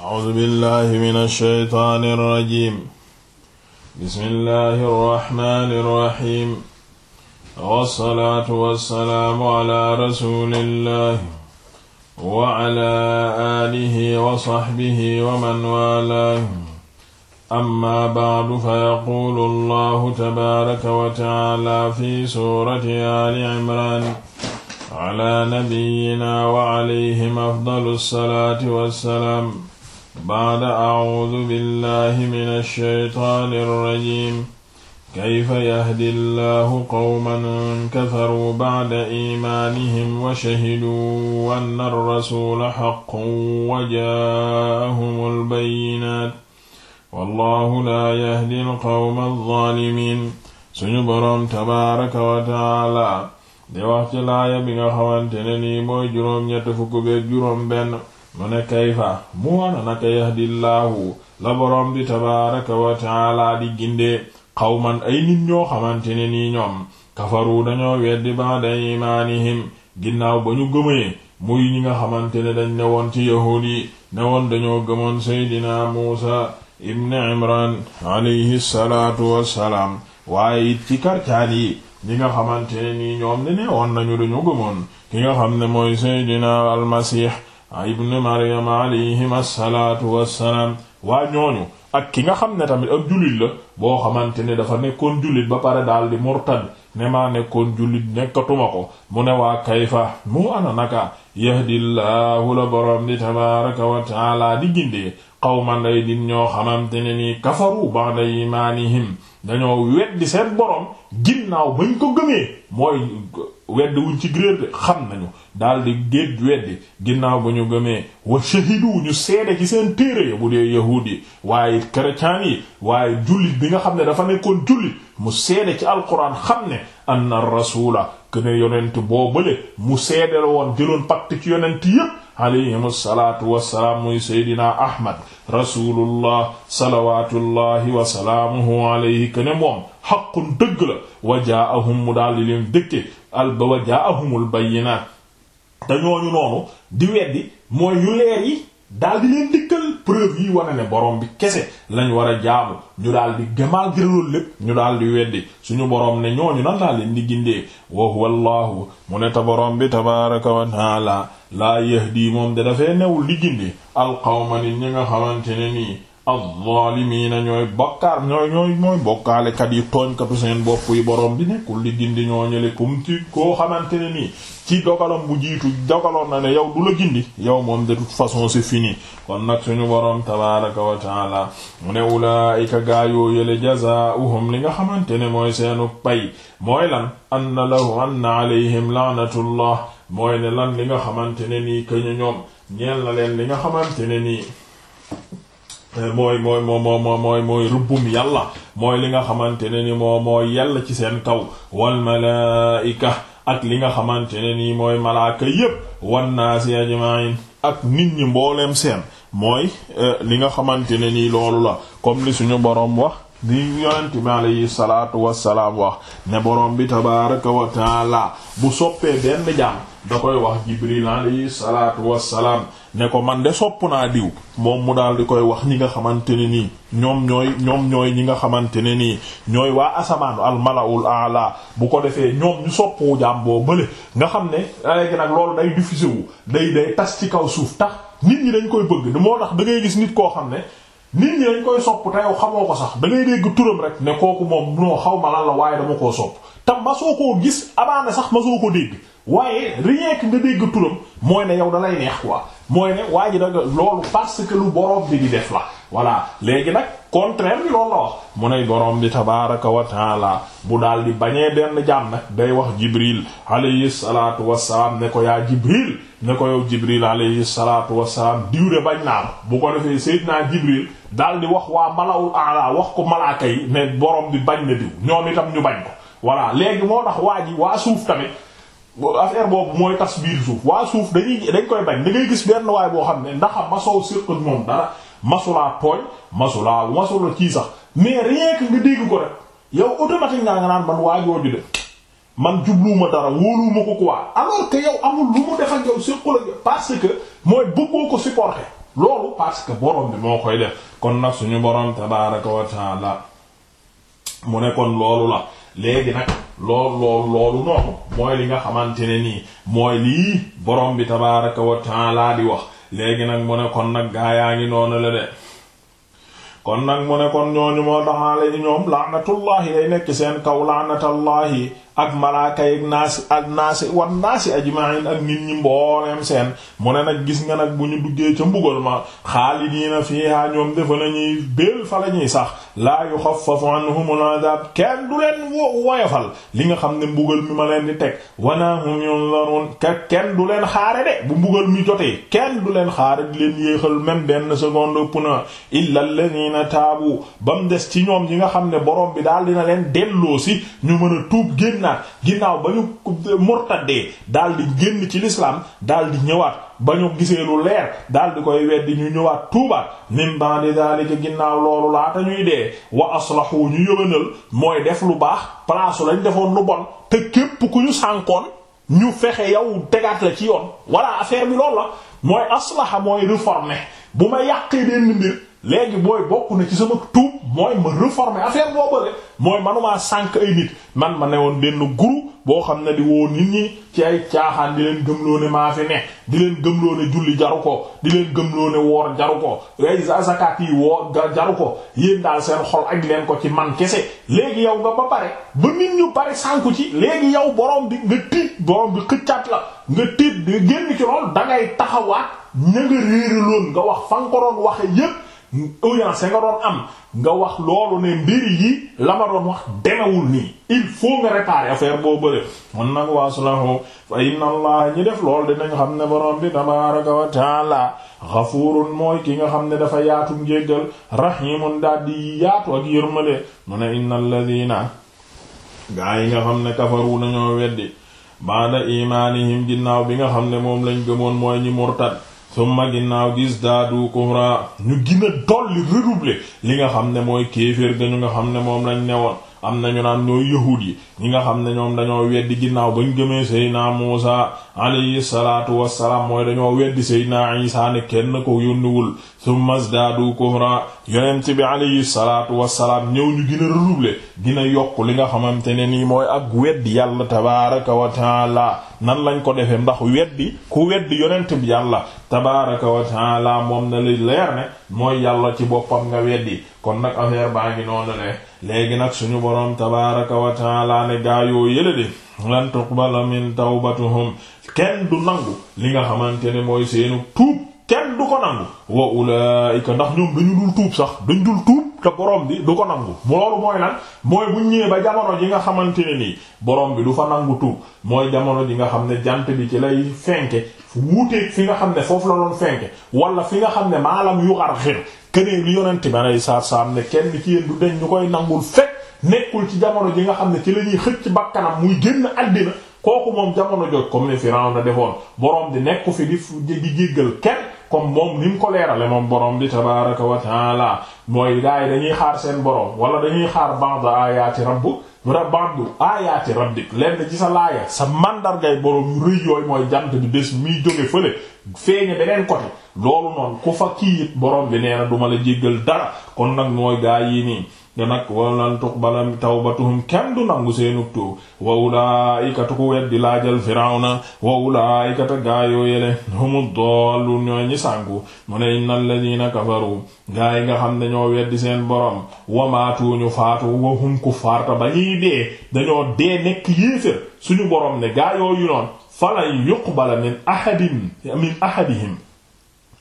A'uuzu billaahi mina shaytaani rajiim. Bismillaahi rahmaani rahiim. Wa salaatu wa salaamu ala rasuulillaahi wa ala aalihi wa sahbihi wa man waalaahu. Amma ba'du fayaquulu Allaahu tabaaraka wa ta'aalaa fi suurati Aali Imraan. Ala nabiyyinaa wa alayhim afdalu salaati wa salaam. baada acuudu billahi min alshaytaani alrajim kayfa yahdi allahu qawman kafaruu bacda iimaanihim wa shahiduu anna alrasuula xaqun wa jaa'ahum albayinaat wallahu laa yahdi alqawma alzaalimiin suñu boroom tabaaraka wa tacaala di wax ci laaya bi nga xawante ne nii mooy juróom ñett fukk beek juróom benn mu ne fa mu wana naka yahdillaahu la boroom bi tabaaraka wa taala di ginde xawman ay nit ñoo xamante ne nii ñoom kafaru dañoo weddi ba'da imaanihim ginnaaw ba ñu gëmee muy ñi nga xamante ne dañ ne woon ci yahuud yi ne woon dañoo gëmoon seydina muusa ibn imran alayhi wassalaam waaye it ci karcaan yi ñi nga xamante nii ñoom ne ne nañu dañu gëmoon ki nga xam ne mooy seydina almasih Ah, ibnu maryam alayhim assalaatu wassalaam waa ñooñu ak ki nga xam ne tamit ak jullit la boo xamante ne dafa nekkoon jullit ba pare daal di murtad ne maa nekkoon jullit nekkatuma ko mu ne waa kayfa mu ana naka yahdillahu la borom di tabaraka wa di gindee qawman ay ñoo xamante ne nii kafaru ba'da imaanihim dañoo weddi seen borom ginnaaw bañ ko gëmee mooy wedd wuñ ci gréer xam nañu daal di géej weddi ginnaaw ba ñu gëmee wa shahidu ñu seede ci seen téere ya bu dee yahuud waaye chrétien yi waaye jullit bi nga xam ne dafa nekkoon jullit mu seede ci alquran xam ne anna rasula kene yonent boo bële mu seedal woon jëloon pacte ci yonent yépp alayhim salaatu wassalaam muy seydina ahmad rasulullah salawatullahi wasalaamuhu alayhi kene moom xaqun dëgg la wa jaahum mu daal di leen dëkke alba wa jaahumul bayyinaat te ñooñu noonu di weddi mooy yu leer yi daal di leen dikkal preuve yi wane ne borom bi kese lañ war a jaamu ñu daal di gemaal gërëloolu lépp ñu daal di weddi suñu borom ne ñooñu nan laa leen di gindee wa allahu mu ne ta bi tabaraka wa taala laa yahdi moom de dafay newul di gindi alqawma nit ñi nga xamante ne nii az-zaalimiina ñooy bokkaar ñooy ñooy mooy bokkaalekat yi tooñkatu seen bopp yi boroom bi nekkul di gindi ñoo ñële kum ci koo xamante ne nii ci dogalam bu jiitu dogaloon na ne yow du la gindi yow moom de toute façon c'est fini kon nag suñu boroom tabaaraka wa taala mu ne ulaa'ika gaayoo yële jazaa'uhum li nga xamante ne mooy seenu pay mooy lan anna lahu anna alayhim la'natullah mooy ne lan li nga xamante ne nii këñu ñoom ñeel na leen li nga xamante ne n Euh, mooy mooy moo moo moo mooy mooy rubbum yàlla mooy li nga xamante ne ni moo moo yàlla ci seen kaw wal malaika ak li nga xamante ne nii mooy malaaka yépp naa naasi ajma'in ak nit ñi mbooleem seen mooy euh, li nga xamante ne nii loolu la comme li suñu boroom wax di yonent bi alayhi salaatu wassalaam wax ne boroom bi tabaraka wa bu soppee benn jaam da koy wax jibril alayhi salaatu wassalaam ne ko man de sopp naa diw moom mu daal di koy wax ñi nga xamante ne nii ñoom ñooy ñoom ñooy ñi nga xamante ne nii ñooy waa asamaanu almalaul ala bu ko defee ñoom ñu soppu jaam boo bële nga xam ne léegi nag loolu day diffusé wu day day tas ci kaw suuf tax nit ñi dañ koy bëgg moo tax da ngay gis nit koo xam ne nit ñi dañ koy sopp te yow xamoo ko sax da ngay dégg turam rek ne kooku moom noo xaw ma lan la waaye dama koo sopp te masoo koo gis amaana sax masoo ko dégg waaye rien que nga dégg turam mooy ne yow da lay neex quoi mooy ne waa ji da loolu parce que lu borom bi di def la voilà léegi nag contraire bi loolu la wax mu ne borom bi tabaraka wa bu daal di bañee benn jaam day wax jibril alayhi salatu wasalaam ne ko yaa jibril ne ko yow jibril alayhi salatu wasalaam diwre bañ naa la bu ko defee sayyidina jibril daal di wax waa malawul ala wax ko malaaka yi ne bi bañ ñu bañ voilà léegi moo tax waa ji waa suuf tamit affaire boobu mooy tas biir suuf waa suuf dañuy dañ koy bañ ngay gis benn waay xam ne ndax masoo surtout moom dara masulaa tooy masulaa masula ci sax mais rien que dégg ko rek yow automatiquement nga naan man waajooju de man jubluwuma dara wóoluwuma ko quoi alors que yow amul lu mu def ak yow la parce que mooy bëggoo ko supporter loolu parce que borom bi moo koy def kon nag suñu borom tabaaraka wa mu ne kon loolu la. léegi nag loolu loolu noonu mooy li nga xamante ne nii mooy lii borom bi tabaraka wa taala di wax léegi nag mo ne kon nag gaa yaa ngi noonu la de kon nag mu ne kon ñooñu moo taxaale ñoom laanatullahi lay nekk seen kaw laanatallahi ak malaaka yi naasi ak naasi wan naasi ajma'in ak nit ñi mbooleem seen mu ne nag gis nga nag bu ñu duggee ca mbugal ma xaalidiina fiihaa ñoom dafa lañuy béel fa lañuy sax laa yuxaffafu anhumul adaab kenn du leen wo woyofal li nga xam ne mbugal mi ma leen di teg wanaa hum yunzarun kenn du leen xaare de bu mbugal mi jotee kenn du leen xaare di leen yéexal même benn seconde puna illa alladhiina taabu bam des ci ñoom yi nga xam ne borom bi daal dina leen delloo si ñu mën a génnaat ginnaaw ba ñu murtadee daal di génn ci lislaam daal di ñëwaat ba ñu gisee lu leer daal di koy weddi ñu ñëwaat tuubaat min ba'di daalika ginnaaw loolu laata ñuy dee wa aslahu ñu yëwénal mooy def lu baax place lañ defoon lu bon te képp ku ñu sànkoon ñu fexe yow tegaat la ci yoon walla affaire bi loolu la mooy aslaha mooy réformer bu ma yàqee benn mbir léegi booy bokk na ci sama tuub mooy ma réformer affaire boobale mooy manumaa sànq ay nit man ma ne woon benn guru boo xam ne di woo nit ñi ci ay caaxaan di leen gëm ne ne di leen gëmloo ne julli jaru ko di leen gëmloo ne woor jaru ko ay zakat yi woor jaru ko yéen daal seen xol ak leen ko ci man kese léegi yow nga ba pare ba nit ñu pare sànku ci léegi yow borom bi nga tiit borom bi xëccaat la nga tiit nga génn ci lool dangay ngay taxawaat ña nga réeraloon nga wax fan nga ko doon waxe yépp audience nga doon am nga wax loolu ne mbiri yi la ma doon wax demewul nii il faut nga réparer affaire boo bële mun nag waaslahu fa inna allah ñi def loolu dinañ xam ne borom bi tabaraka wa taala xafuurun mooy ki nga xam ne dafa yaatum njéggal rahimun daal di yaatu ak yërmale mu ne inna alladina gaa yi nga xam ne kafaru nañoo weddi baada imaanihim ginnaaw bi nga xam ne moom lañ gëmoon mooy ñi murtad summa ginnaaw dis daadu kufra ñu gën a dolli redoubler li nga xam ne mooy kéeféer ñu nga xam ne moom lañ newoon am na ñu naan ñooy yahuud yi ñi nga xam ne ñoom dañoo weddi ginnaaw bañ gëmee Seydina Muusa alayhi salaatu wassalaam mooy dañoo weddi seydina isa ne kenn ko yónniwul summa zdaadu kufra yonent bi alayhi salaatu wassalaam ñëw ñu gën a redoubler gina yokk li nga xamante ne nii mooy ak weddi yàlla tabaaraka wa taala nan lañ ko defee ndax weddi ku weddi yonent bi yàlla tabaaraka wa moom na li leer ne mooy yàlla ci boppam nga weddi kon nag affaire baa ngi noonu ne léegi nag suñu boroom tabaaraka wa taala ne gaayoo yële de lan tuqbala min tawbatuhum kenn du nangu li nga xamante ne mooy seenu tuub kenn du ko nangu wa ulaayika ndax ñoom dañu dul tuub sax dañ dul tuub te borom bi du ko nangu loolu mooy lan mooy bu ñëwee ba jamono ji nga xamante ne nii borom bi du fa nangu mooy jamono ji nga xam ne jant bi ci lay fenke wuuteeg fi nga xam ne foofu la doon fenke wala fi nga xam ne maalam yu xar xir kënee li ba bi aleyi saatu salaam ne kenn ci yéen du deñ ñu koy nangul fekk nekkul ci jamono ji nga xam ne ci la ñuy xëcc bakkanam muy génn àddina kooku moom jamono jot comme ni Firawna na defoon borom di nekku fi di di jéggal kenn comme moom ni mu ko leerale moom borom di tabaraka wa taala mooy gaa yi dañuy xaar seen borom wala dañuy xaar banda ayaati rabbu rabandu ayaati rabbik lenn ci sa laaya sa màndargay borom yu rëy mooy jant bi bés miy jóge fële feeñe beneen côté loolu noonu ku fa kii it borom bi nee na duma la jéggal dara kon nag mooy gaa yii nii te nag walan tuqbala tawbatuhum kenn du nangu seenu tuub wa ulaa'ikatu ku weddi laajal firawna wa ulaa'ikatu gaayoo yele humu daalluun ñooy ñi sànku mu ne kafaru gaa yi nga xam ne ñoo weddi seen borom wa maatu ñu faatu wa hum kuffaar ba ñuy dee dañoo dee nekk yéefér suñu borom ne gaayoo yu noon falan yuqbala min ahadin min ahadihim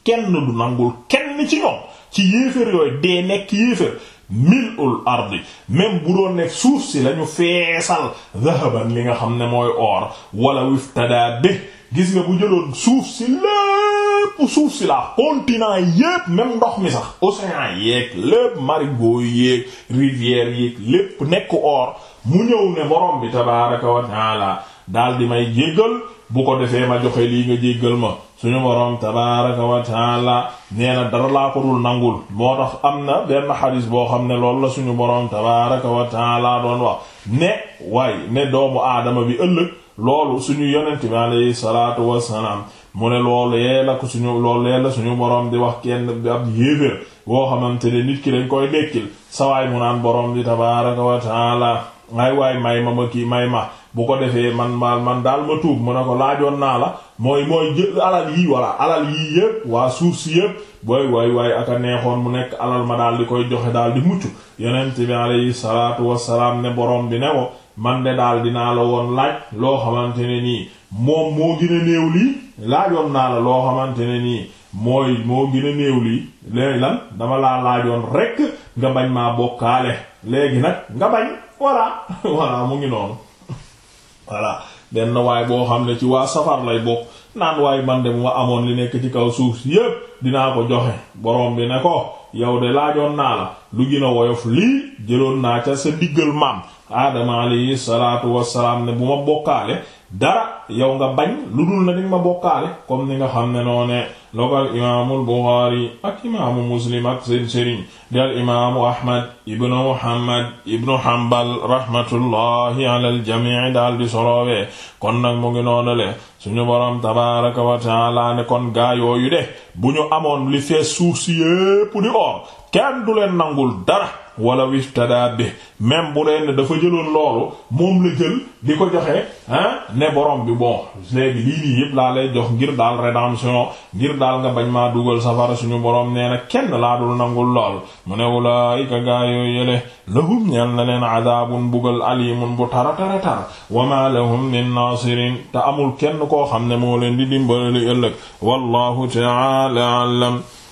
kenn du nangul kenn ci ñoom ci yéefér yooyu dee nekk yéefér mil'ul ardi même bu doon nekk suuf si lañu feesal zahaban li nga xam ne mooy or wala wiftada bi gis nga bu jëloon suuf si lépp suuf si la continent yépp même ndox mi sax océan yeeg lépp marigot yeeg rivière yeeg lépp nekk or mu ñëw ne borom bi tabaaraka wa daal di may jéggal bu ko defee ma joxe lii nga jéggal ma suñu boroom tabaaraka wa taala nee na dara laa ko dul nangul moo tax am na benn xadis boo xam ne loolu la suñu boroom tabaaraka wa taala doon wax ne waaye ne doomu aadama bi ëllëg loolu suñu yonent bi alayhi salaatu wassalaam mu ne loolu yee la ko suñu loolu yee la suñu boroom di wax kenn ab yéeféer boo xamante ne nit ki dañ koy dekkil sawaay mu naan boroom di tabaaraka wa ay waay may ma bu ko defee man ma man daal ma tuub mu ne ko laajoon naa la mooy mooy jë alal yii walla alal yii yépp waa suuf si yépp booy waay waay ak a neexoon mu nekk alal ma daal di koy joxe daal di mucc yonent bi alayhi salaatu salaam ne borom bi ne ko man de daal dinaa la woon laaj loo xamante ne nii moom moo gën naa la loo xamante ne nii mooy moo gën a néew lii léegi dama laa laajoon rekk nga bañ maa bokkaale léegi nag nga bañ voilà voilà mu ngi noonu voilà benn waay boo xam ne ci waa safar lay bokk naan waay man de bu ma amoon li nekk ci kaw suuf si yépp dinaa ko joxe borom bi ne ko yow de laajoon naa la lu jina a woyof lii jëloon naa ca sa diggal maam aadama alayhi salaatu wassalaam ne bu ma bokkaale dara yow nga bañ lu dul na di ma bokkaale comme ni nga xam ne noo ne logal imaamul ak imaamu Muslim ak seen sëriñ dal imaamu Ahmad ibnu Muhammad ibnu Hanbal rahmatullahi ala aljamii daal di soloowee kon nag mu ngi noonale suñu borom tabaraka wa taala ne kon gaa yooyu de bu ñu amoon li fees suuf si yépp di or kenn du leen nangul dara wala wiftada bi même bu leen dafa jëloon loolu moom la jël di ko joxe ah ne borom bi bon léegi lii nii yëpp laa lay jox ngir daal rédemption ngir daal nga bañ maa dugal safara suñu borom nee na kenn laa dul nangul lool mu ne ulaayika gaa yoo yële lahum ñeel na leen adaabun bugal alimun bu tara tara tara wa ma lahum min naasirin te amul kenn koo xam ne moo leen di dimbali ëllëg wallahu ta'ala a'lam